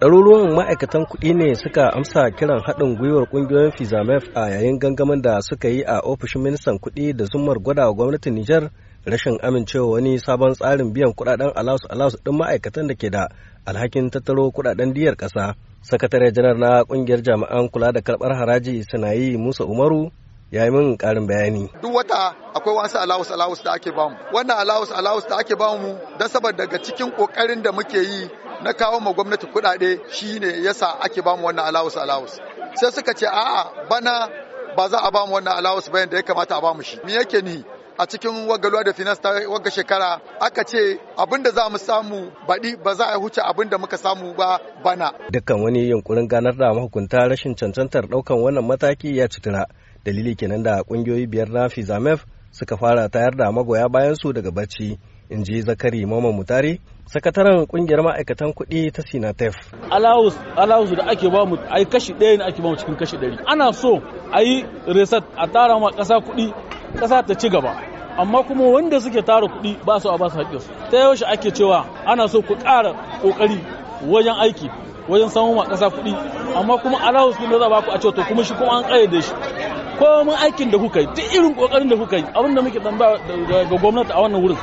Ɗaruruwan ma'aikatan kuɗi ne suka amsa kiran haɗin gwiwar ƙungiyoyin Fizamef a yayin gangamin da suka yi a ofishin ministan kuɗi da zumar gwada wa gwamnatin Nijar rashin amincewa wani sabon tsarin biyan kuɗaɗen alasu alasu ɗin ma'aikatan da ke da alhakin tattaro kuɗaɗen diyar ƙasa. Sakatare janar na ƙungiyar jami'an kula da karɓar haraji Sinayi Musa Umaru ya yi min karin bayani. Duk wata akwai wasu alawus alawus da ake bamu. Wannan alawus alawus da ake bamu don saboda daga cikin kokarin da muke yi na kawo ma gwamnati kuɗaɗe shine yasa ake bamu wannan allowance alawus sai suka ce a'a bana ba za a bamu wannan allowance bayan da ya kamata a bamu shi me yake ni a cikin wagaluwa da finance ta wagga shekara aka ce abin da za mu samu baɗi ba za a huce abin da muka samu ba bana dukkan wani yunkurin ganar da mahukunta rashin cancantar ɗaukan wannan mataki ya citira dalili kenan da ƙungiyoyi biyar na fizamef suka fara tayar da magoya bayansu daga barci in ji zakari mama mutare sakataren kungiyar ma'aikatan kuɗi ta sinatef alawus da ake ba mu ai kashi ɗaya ne ake ba mu cikin kashi ɗari ana so a yi reset a tara ma ƙasa kuɗi ƙasa ta ci gaba amma kuma wanda suke tara kuɗi ba su a ba su haƙƙinsu ta yaushe ake cewa ana so ku ƙara ƙoƙari wajen aiki wajen samun ma ƙasa kuɗi amma kuma alawus ɗin za ba ku a ce to kuma shi kuma an ƙayyade shi mun aikin da kuka yi duk irin ƙoƙarin da kuka yi abin da muke tambaya ga gwamnati a wannan wurin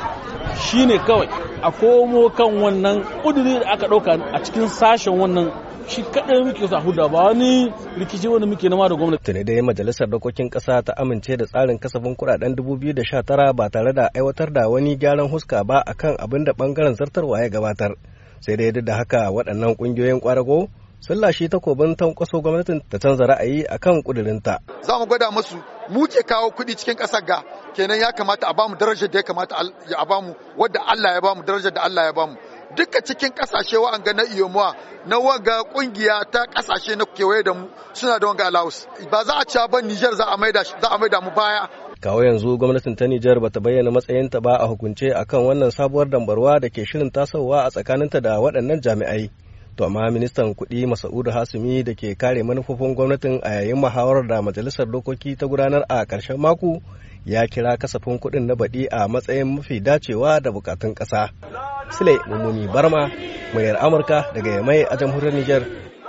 shine kawai a komo kan wannan ƙuduri da aka ɗauka a cikin sashen wannan shi kaɗai muke sa huda ba wani rikici wani muke nama da gwamnati. ne dai majalisar dokokin ƙasa ta amince da tsarin kasafin kuɗaɗen 2019 ba tare da aiwatar da wani gyaran huska ba akan abin da bangaren zartarwa ya gabatar. Sai dai duk da haka waɗannan ƙungiyoyin ƙwarago sun lashe takobin tankwaso gwamnatin ta canza ra'ayi akan ƙudurinta. Za mu gwada musu mu ke kawo kuɗi cikin ƙasar ga kenan ya kamata a bamu darajar da ya kamata a bamu wadda Allah ya bamu darajar da Allah ya bamu duka cikin kasashe wa'anga na iyomuwa na wanga kungiya ta kasashe na kewaye da mu suna da wanga alawus ba za a ci ba Niger za a maida za mu baya kawo yanzu gwamnatin ta Nijar bata bayyana matsayinta ba a hukunce akan wannan sabuwar dambarwa da ke shirin tasowa a tsakaninta da waɗannan jami'ai To amma ministan kuɗi Masa'udu Hasumi da ke kare manufofin gwamnatin a yayin muhawarar da majalisar dokoki ta gudanar a ƙarshen mako ya kira kasafin kuɗin na baɗi a matsayin mafi dacewa da bukatun ƙasa. Sule Mummuni Barma, muryar Amurka daga Yamai a jamhuriyar Nijar.